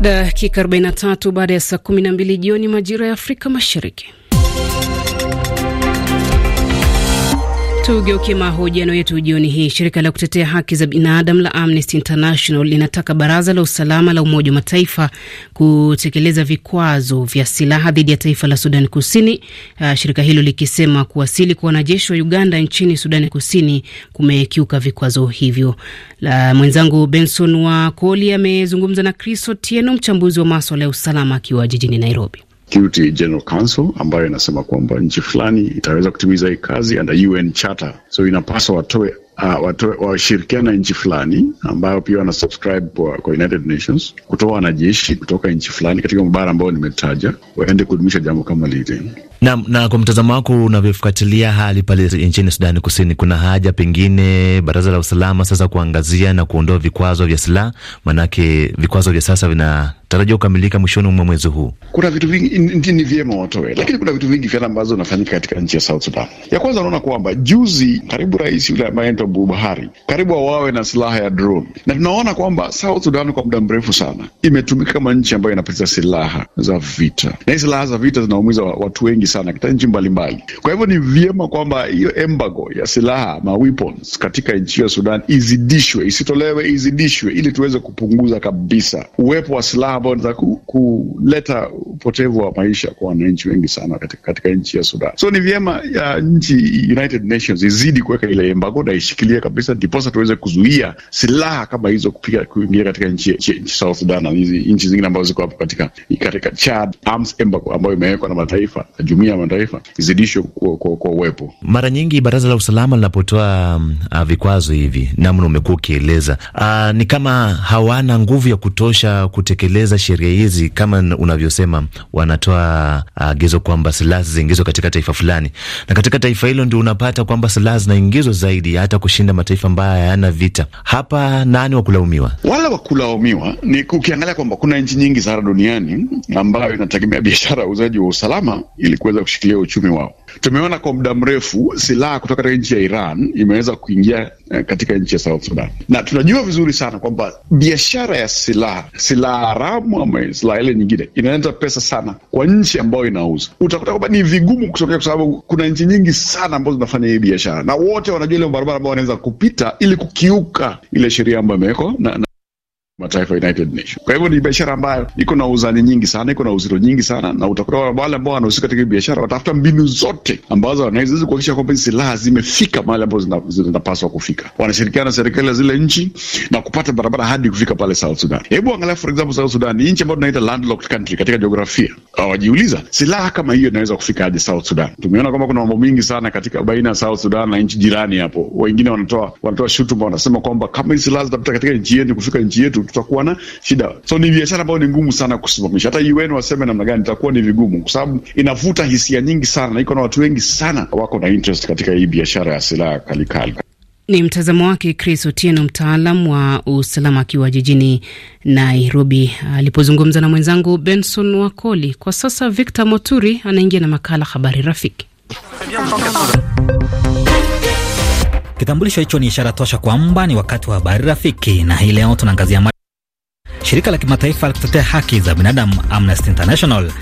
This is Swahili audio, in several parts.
Dakika 43 baada ya saa 12 jioni majira ya Afrika Mashariki. Tugeuke mahojiano yetu jioni hii. Shirika la kutetea haki za binadamu la Amnesty International linataka baraza la usalama la Umoja wa Mataifa kutekeleza vikwazo vya silaha dhidi ya taifa la Sudan Kusini, uh, shirika hilo likisema kuwasili kwa wanajeshi wa Uganda nchini Sudan Kusini kumekiuka vikwazo hivyo. La, mwenzangu Benson Wakoli amezungumza na Chris Otieno, mchambuzi wa maswala ya usalama akiwa jijini Nairobi. Security General Council ambayo inasema kwamba nchi fulani itaweza kutimiza hii kazi under UN Charter, so inapaswa watoe Uh, ah, washirikiana nchi fulani ambayo pia wana subscribe kwa, kwa United Nations kutoa wanajeshi kutoka nchi fulani katika mabara ambayo nimetaja waende kudumisha jambo kama lile. Na, na kwa mtazamo wako unavyofuatilia hali pale nchini Sudani Kusini, kuna haja pengine baraza la usalama sasa kuangazia na kuondoa vikwazo vya silaha? Maanake vikwazo vya sasa vinatarajiwa kukamilika mwishoni mwa mwezi huu. Kuna vitu vingi ndi ni vyema watoe, lakini kuna vitu vingi vyana ambazo vinafanyika katika nchi ya South Sudan. Ya kwanza, unaona kwamba juzi karibu rais yule ambaye anaitwa Buhari karibu awawe na silaha ya drone, na tunaona kwamba South Sudan kwa muda mrefu sana imetumika kama nchi ambayo inapata silaha za vita, na hii silaha za vita zinaumiza watu wengi sana katika nchi mbalimbali. Kwa hivyo ni vyema kwamba hiyo embargo ya silaha ma weapons katika nchi ya Sudan izidishwe, isitolewe, izidishwe, ili tuweze kupunguza kabisa uwepo wa silaha ambao za kuleta ku upotevu wa maisha kwa wananchi wengi sana katika, katika nchi ya Sudan. So ni vyema ya nchi United Nations izidi kuweka ile embargo na ishikilie kabisa, ndiposa tuweze kuzuia silaha kama hizo kupiga kuingia katika nchi, nchi South Sudan na nchi zingine ambazo ziko hapo katika, katika Chad, arms embargo ambayo imewekwa na mataifa na jumuiya ya mataifa zidishwe kwa kwa, kwa uwepo. Mara nyingi baraza la usalama linapotoa um, vikwazo hivi, namna umekuwa ukieleza, uh, ni kama hawana nguvu ya kutosha kutekeleza sheria hizi, kama unavyosema, wanatoa ah, agizo uh, kwamba silaha zinaingizwa katika taifa fulani, na katika taifa hilo ndio unapata kwamba silaha zinaingizwa zaidi, hata kushinda mataifa ambayo hayana vita. Hapa nani wa kulaumiwa? Wala wa kulaumiwa ni ukiangalia kwamba kuna nchi nyingi sana duniani ambayo inategemea biashara ya uuzaji wa usalama ilikuwa kuweza kushikilia uchumi wao. Tumeona kwa muda mrefu silaha kutoka katika nchi ya Iran imeweza kuingia eh, katika nchi ya South Sudan, na tunajua vizuri sana kwamba biashara ya silaha, silaha haramu ama silaha ile nyingine, inaleta pesa sana kwa nchi ambayo inauza. Utakuta kwamba ni vigumu kutokea, kwa sababu kuna nchi nyingi sana ambazo zinafanya hii biashara, na wote wanajua ile barabara ambao wanaweza kupita ili kukiuka ile sheria ambayo imewekwa na, na mataifa United Nation. Kwa hivyo ni biashara ambayo iko na uzani nyingi sana, iko na uzito nyingi sana, na utakuta wale ambao wanahusika katika biashara watafuta mbinu zote ambazo wanaweza kuhakikisha kwamba hizi silaha zimefika mahali ambapo zinapaswa kufika. Wanashirikiana na serikali ya zile nchi na kupata barabara hadi kufika pale South Sudan. Hebu angalia for example, South Sudan ni nchi ambayo tunaita landlocked country katika jiografia. Wajiuliza, silaha kama hiyo inaweza kufika hadi South Sudan? Tumeona kwamba kuna mambo mingi sana katika baina ya South Sudan na nchi jirani hapo. Wengine wanatoa wanatoa shutuma, wanasema kwamba kama hizi silaha zitapita katika nchi yetu kufika nchi yetu tutakuwa na shida. So ni biashara ambayo ni ngumu sana kusimamisha, hata UN waseme namna gani, itakuwa ni vigumu, kwa sababu inavuta hisia nyingi sana, na iko na watu wengi sana wako na interest katika hii biashara ya silaha kalikali. Ni mtazamo wake Chris Otieno, mtaalam wa usalama akiwa jijini Nairobi, alipozungumza na mwenzangu Benson Wakoli. Kwa sasa Victor Moturi anaingia na makala Habari Rafiki. Kitambulisho hicho ni ishara tosha kwamba ni wakati wa habari rafiki, na hii leo tunaangazia Shirika la kimataifa la kutetea haki za binadamu Amnesty International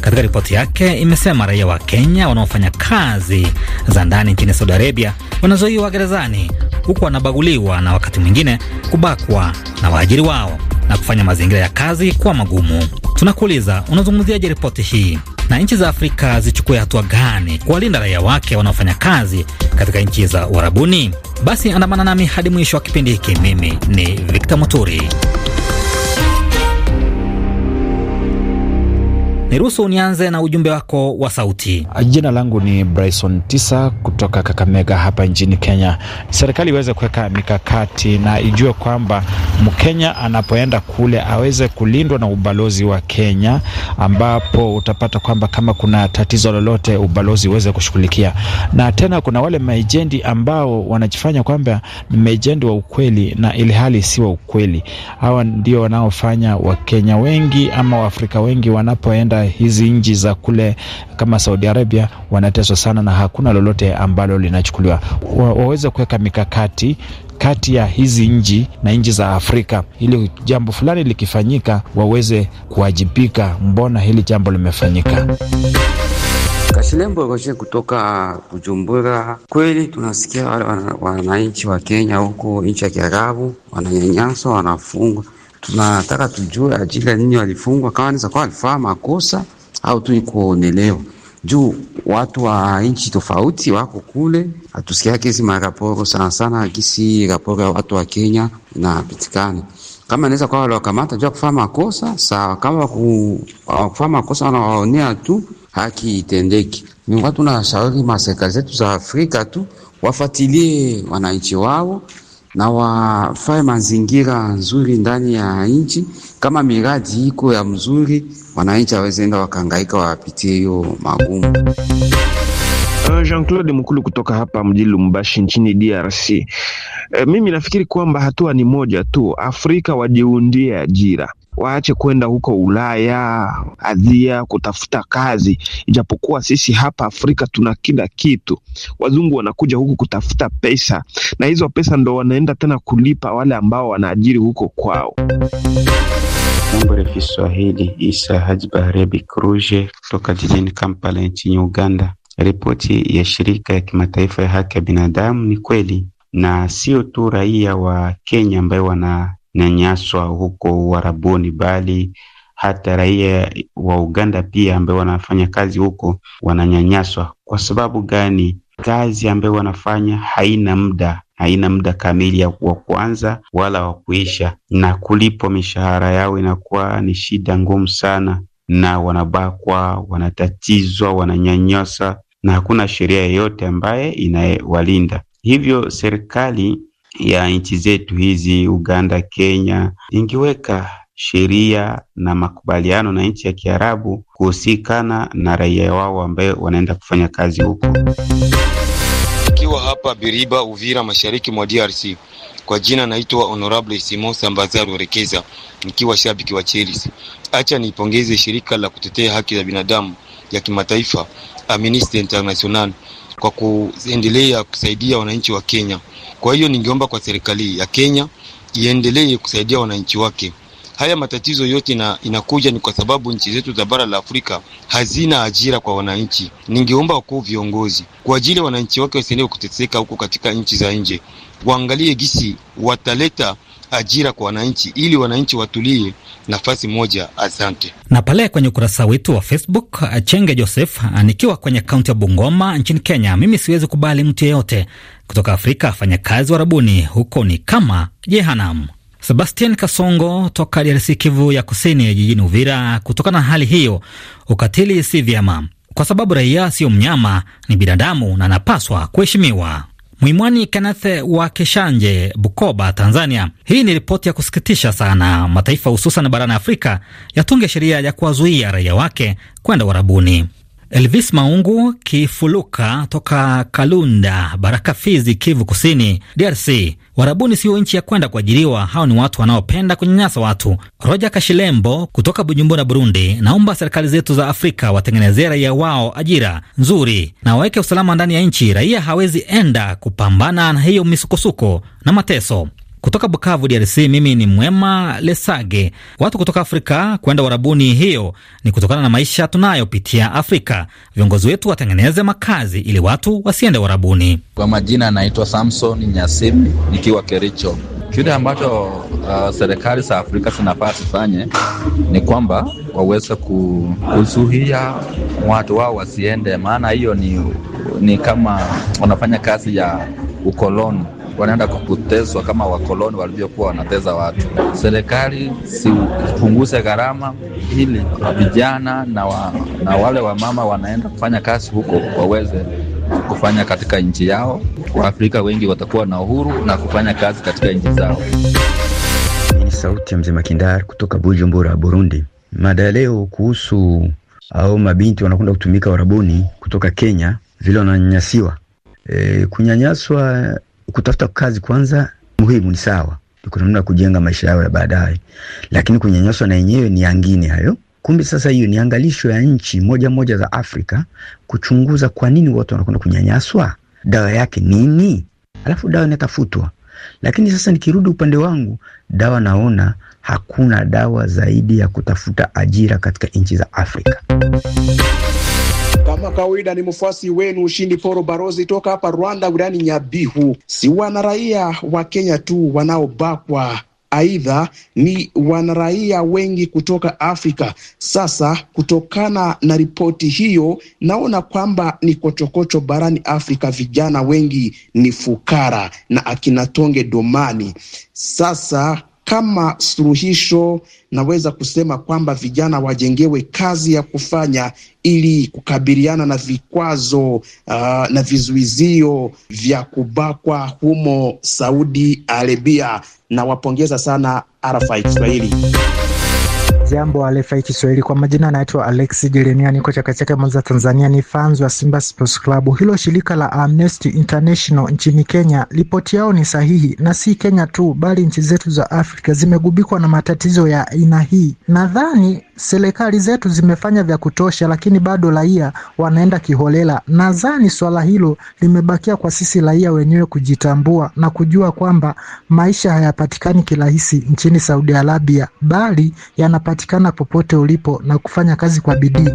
katika ripoti yake imesema raia wa Kenya wanaofanya kazi za ndani nchini Saudi Arabia wanazuiwa gerezani, huku wanabaguliwa na wakati mwingine kubakwa na waajiri wao na kufanya mazingira ya kazi kuwa magumu. Tunakuuliza, unazungumziaje ripoti hii na nchi za Afrika zichukue hatua gani kuwalinda raia wake wanaofanya kazi katika nchi za Uarabuni? Basi andamana nami hadi mwisho wa kipindi hiki. Mimi ni Victor Muturi. Niruhusu nianze na ujumbe wako wa sauti. Jina langu ni Bryson Tisa kutoka Kakamega hapa nchini Kenya. Serikali iweze kuweka mikakati na ijue kwamba Mkenya anapoenda kule aweze kulindwa na ubalozi wa Kenya, ambapo utapata kwamba kama kuna tatizo lolote ubalozi uweze kushughulikia. Na tena kuna wale maejendi ambao wanajifanya kwamba ni maejendi wa ukweli na ili hali si wa ukweli. Hawa ndio wanaofanya Wakenya wengi ama Waafrika wengi wanapoenda hizi nchi za kule kama Saudi Arabia wanateswa sana, na hakuna lolote ambalo linachukuliwa. waweze kuweka mikakati kati ya hizi nchi na nchi za Afrika ili jambo fulani likifanyika waweze kuwajibika. Mbona hili jambo limefanyika? Kashilembo Roje kutoka Bujumbura. Kweli tunasikia wale wananchi wa Kenya huko nchi ya Kiarabu wananyanyaswa, wanafungwa tunataka tujue ajili ya nini walifungwa, kama ni kwa alifaa makosa au tu ikuonelewa juu watu wa nchi tofauti wako kule, hatusikia kesi maraporo sana sana, kisi raporo ya watu wa Kenya pitikani. Kama inaweza kwa waliwakamata wakamata juu makosa sawa, kama wakufaa makosa wanawaonea tu haki itendeki. Ni watu na shauri maserikali zetu za Afrika tu wafatilie wananchi wao na wafae mazingira nzuri ndani ya nchi. Kama miradi iko ya mzuri, wananchi awezeenda wakangaika wapitie hiyo magumu. Uh, Jean-Claude Mkulu kutoka hapa mjini lumbashi nchini DRC. E, uh, mimi nafikiri kwamba hatua ni moja tu, Afrika wajiundie ajira waache kwenda huko Ulaya adhia kutafuta kazi, ijapokuwa sisi hapa Afrika tuna kila kitu. Wazungu wanakuja huku kutafuta pesa, na hizo pesa ndo wanaenda tena kulipa wale ambao wanaajiri huko kwao. Jambo la Kiswahili, Isa Haji Barebi Kruje kutoka jijini Kampala nchini Uganda. Ripoti ya shirika ya kimataifa ya haki ya binadamu ni kweli, na sio tu raia wa Kenya ambayo wana kunyanyaswa huko Uarabuni, bali hata raia wa Uganda pia ambao wanafanya kazi huko wananyanyaswa. Kwa sababu gani? Kazi ambayo wanafanya haina muda haina muda kamili wa kuanza wala wa kuisha, na kulipwa mishahara yao inakuwa ni shida ngumu sana, na wanabakwa, wanatatizwa, wananyanyasa na hakuna sheria yoyote ambaye inawalinda. Hivyo serikali ya nchi zetu hizi Uganda, Kenya ingeweka sheria na makubaliano na nchi ya Kiarabu kuhusikana na raia wao ambao wanaenda kufanya kazi huko. Ikiwa hapa Biriba, Uvira, mashariki mwa DRC. Kwa jina naitwa Honorable Simon Sambazaru Rekeza, nikiwa shabiki wa Chelsea. Acha niipongeze shirika la kutetea haki za binadamu ya kimataifa Amnesty International kwa kuendelea kusaidia wananchi wa Kenya kwa hiyo ningeomba kwa serikali ya Kenya iendelee kusaidia wananchi wake. Haya matatizo yote na inakuja ni kwa sababu nchi zetu za bara la Afrika hazina ajira kwa wananchi. Ningeomba wakuu viongozi kwa ajili ya wananchi wake wasiendelee kuteseka huko katika nchi za nje, waangalie gisi wataleta ajira kwa wananchi ili wananchi watulie nafasi moja. Asante. Na pale kwenye ukurasa wetu wa Facebook, Chenge Joseph, nikiwa kwenye kaunti ya Bungoma nchini Kenya, mimi siwezi kubali mtu yeyote kutoka Afrika afanya kazi warabuni, huko ni kama jehanamu. Sebastian Kasongo toka DRC, Kivu ya Kusini, jijini Uvira, kutokana na hali hiyo, ukatili si vyema, kwa sababu raia sio mnyama, ni binadamu na anapaswa kuheshimiwa. Mwimwani Kenneth wa Keshanje, Bukoba, Tanzania. Hii ni ripoti ya kusikitisha sana. Mataifa hususan barani Afrika yatunge sheria ya kuwazuia raia wake kwenda warabuni Elvis Maungu Kifuluka toka Kalunda, Baraka, Fizi, Kivu Kusini, DRC. Warabuni sio nchi ya kwenda kuajiriwa, hao ni watu wanaopenda kunyanyasa watu. roja Kashilembo kutoka Bujumbura, Burundi. Naomba serikali zetu za Afrika watengenezee raia wao ajira nzuri na waweke usalama ndani ya nchi. Raia hawezi enda kupambana na hiyo misukosuko na mateso. Kutoka Bukavu, DRC, mimi ni Mwema Lesage. Watu kutoka Afrika kwenda warabuni hiyo ni kutokana na maisha tunayopitia Afrika. Viongozi wetu watengeneze makazi ili watu wasiende warabuni Kwa majina anaitwa Samson Nyasimi, nikiwa Kericho. Kile ambacho uh, serikali za Afrika zinafaa zifanye ni kwamba waweze kuzuia watu wao wasiende, maana hiyo ni, ni kama wanafanya kazi ya ukoloni wanaenda kuteswa kama wakoloni walivyokuwa wanateza watu. Serikali sipunguze gharama ili vijana na, wa, na wale wamama wanaenda kufanya kazi huko waweze kufanya katika nchi yao. Waafrika wengi watakuwa na uhuru na kufanya kazi katika nchi zao. Ni sauti ya mzee Makindar kutoka Bujumbura, Burundi. Mada ya leo kuhusu au mabinti wanakwenda kutumika warabuni kutoka Kenya, vile wananyanyasiwa. E, kunyanyaswa kutafuta kazi kwanza muhimu, ni sawa, kuna namna kujenga maisha yao ya baadaye, lakini kunyanyaswa na yenyewe ni yangine hayo. Kumbe sasa hiyo ni angalisho ya nchi moja moja za Afrika kuchunguza kwa nini watu wanakwenda kunyanyaswa, dawa yake nini, alafu dawa inatafutwa. Lakini sasa nikirudi upande wangu, dawa naona hakuna dawa zaidi ya kutafuta ajira katika nchi za Afrika. Kama kawaida ni mfuasi wenu Ushindi Poro Barozi toka hapa Rwanda, wilayani Nyabihu. Si wanaraia wa Kenya tu wanaobakwa Aidha, ni wanaraia wengi kutoka Afrika. Sasa, kutokana na ripoti hiyo, naona kwamba ni kochokocho barani Afrika. Vijana wengi ni fukara na akina Tonge Domani. Sasa kama suluhisho, naweza kusema kwamba vijana wajengewe kazi ya kufanya ili kukabiliana na vikwazo uh, na vizuizio vya kubakwa humo Saudi Arabia. Nawapongeza sana RFI Kiswahili. Jambo alefai Kiswahili, kwa majina anaitwa Alex Jeremia, niko Chakechake, Mwanza, Tanzania. Ni fans wa Simba Sports Club. Hilo shirika la Amnesty International nchini Kenya, ripoti yao ni sahihi, na si Kenya tu, bali nchi zetu za Afrika zimegubikwa na matatizo ya aina hii. Nadhani serikali zetu zimefanya vya kutosha, lakini bado raia wanaenda kiholela. Nadhani swala hilo limebakia kwa sisi raia wenyewe kujitambua na kujua kwamba maisha hayapatikani kirahisi nchini Saudi Arabia, bali yanapatikana unapatikana popote ulipo na kufanya kazi kwa bidii.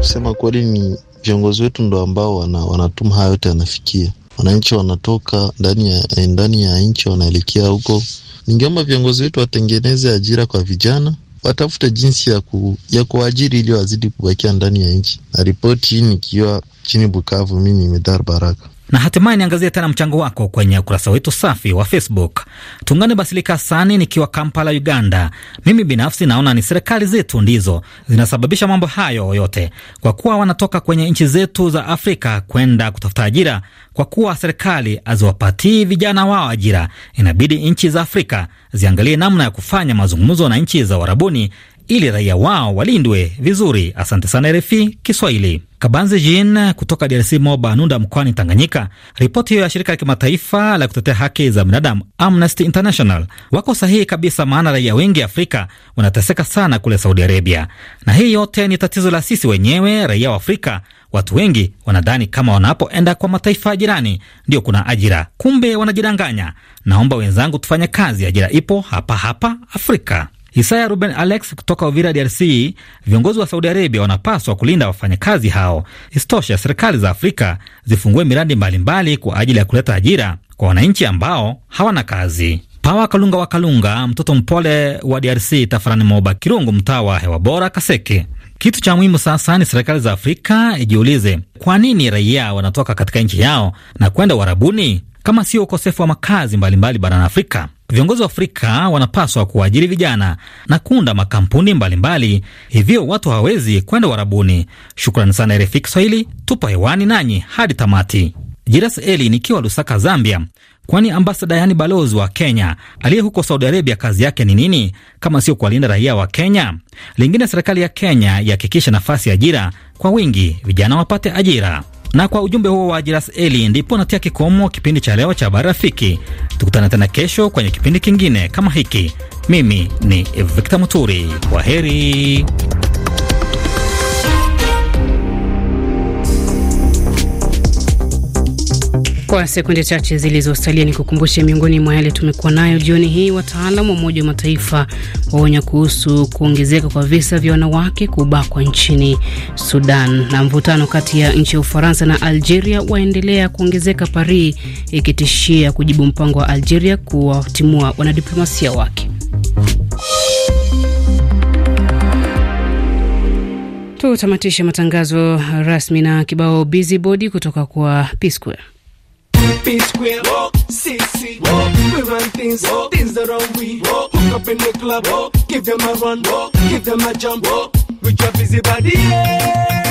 Sema kweli, ni viongozi wetu ndo ambao wana, wanatuma haya yote yanafikia wananchi, wanatoka ndani ya, eh, ndani ya nchi wanaelekea huko. Ningeomba viongozi wetu watengeneze ajira kwa vijana watafute jinsi ya, ku, ya kuajiri ili wazidi kubakia ndani ya nchi. Na ripoti hii nikiwa chini Bukavu, mi ni Medar Baraka. Na hatimaye niangazie tena mchango wako kwenye ukurasa wetu safi wa Facebook. Tungane Basilika sani nikiwa Kampala, Uganda. Mimi binafsi naona ni serikali zetu ndizo zinasababisha mambo hayo yote, kwa kuwa wanatoka kwenye nchi zetu za Afrika kwenda kutafuta ajira. Kwa kuwa serikali haziwapatii vijana wao ajira, inabidi nchi za Afrika ziangalie namna ya kufanya mazungumzo na nchi za Uarabuni ili raia wao walindwe vizuri. Asante sana RFI Kiswahili. Kabanzi Jin kutoka DRC, Moba Nunda, mkoani Tanganyika. Ripoti hiyo ya shirika la kimataifa la kutetea haki za binadamu Amnesty International. Wako sahihi kabisa, maana raia wengi Afrika wanateseka sana kule Saudi Arabia, na hii yote ni tatizo la sisi wenyewe raia wa Afrika. Watu wengi wanadhani kama wanapoenda kwa mataifa jirani ndio kuna ajira, kumbe wanajidanganya. Naomba wenzangu tufanye kazi, ajira ipo hapa hapa Afrika. Isaya Ruben Alex kutoka Uvira, DRC. Viongozi wa Saudi Arabia wanapaswa kulinda wafanyakazi hao. Isitoshe, serikali za Afrika zifungue miradi mbalimbali kwa ajili ya kuleta ajira kwa wananchi ambao hawana kazi. Pawa Kalunga wa Kalunga, mtoto mpole wa DRC, tafarani Moba Kirungu, mtaa wa hewa bora Kaseke. Kitu cha muhimu sasa ni serikali za Afrika ijiulize kwa nini raia wanatoka katika nchi yao na kwenda uharabuni kama sio ukosefu wa makazi mbalimbali barani Afrika. Viongozi wa Afrika wanapaswa kuwaajiri vijana na kuunda makampuni mbalimbali mbali, hivyo watu hawawezi kwenda uharabuni. Shukrani sana RFI Kiswahili, tupo hewani nanyi hadi tamati. Jiras Eli nikiwa Lusaka, Zambia. Kwani ambasada yani balozi wa Kenya aliye huko Saudi Arabia kazi yake ni nini kama sio kuwalinda raia wa Kenya? Lingine, serikali ya Kenya ihakikishe nafasi ya ajira kwa wingi, vijana wapate ajira. Na kwa ujumbe huo wa Jiras Eli ndipo natia kikomo kipindi cha leo cha habari rafiki. Tukutane tena kesho kwenye kipindi kingine kama hiki. Mimi ni Victor Muturi, kwa heri. Kwa sekunde chache zilizosalia, ni kukumbushe miongoni mwa yale tumekuwa nayo jioni hii. wataalam wa Umoja wa Mataifa waonya kuhusu kuongezeka kwa visa vya wanawake kubakwa nchini Sudan, na mvutano kati ya nchi ya Ufaransa na Algeria waendelea kuongezeka, Paris ikitishia kujibu mpango wa Algeria kuwatimua wanadiplomasia wake. Tutamatishe matangazo rasmi na kibao busy body kutoka kwa P Square. P square, Whoa. CC. Whoa. We run things, Whoa. things the wrong way. Hook up in the club, Whoa. give them a run, Whoa. give them a jump. Whoa. With your busy body, yeah.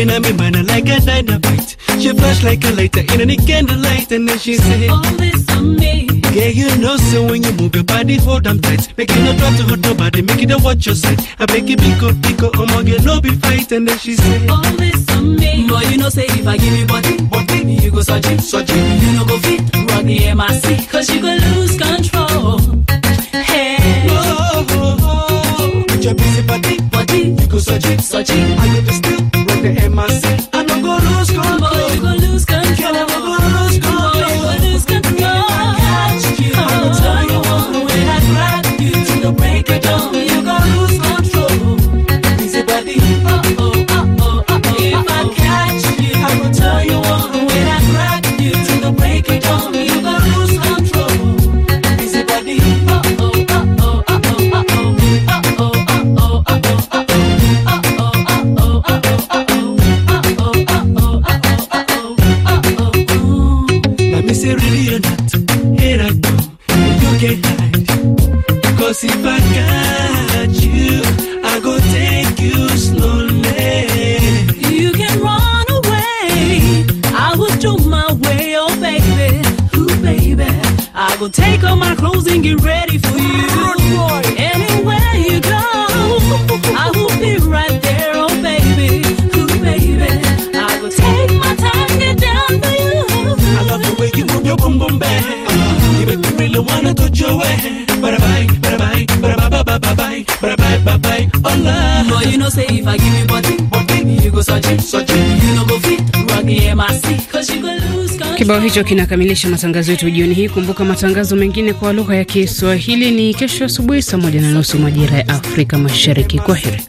Coming at me, burning like a dynamite. She flash like a lighter in any candlelight, and then she say, All this on me. Yeah, you know, so when you move your body, hold them tight. Make it no drop to hurt nobody, make it a watch your side. I make it big up, big up, among you, no be fight, and then she say, All this on me. Boy, you know, say if I give you body, body, you go search it, search it. You know, go fit, rock the MIC, cause you go lose control. Hey. Whoa, oh, oh, oh. With oh. your busy body, body, you go search it, search it. I go to steal. the MRC. I don't go lose control. I'll take all my clothes and get ready for you. Anywhere you go, I will be right there, oh baby, oh baby. I will take my time, get down for you. I love the way you move your boom boom bang. You make me really wanna touch your way. Bye bye, bye bye, bye bye, bye bye, bye bye, bye bye, oh love. No, you know say if I give you body, body, you go searching, searching. You know go fit, rock the MIC, cause you go lose. Kibao hicho kinakamilisha matangazo yetu jioni hii. Kumbuka matangazo mengine kwa lugha ya Kiswahili ni kesho asubuhi saa moja na nusu majira ya Afrika Mashariki. Kwa heri.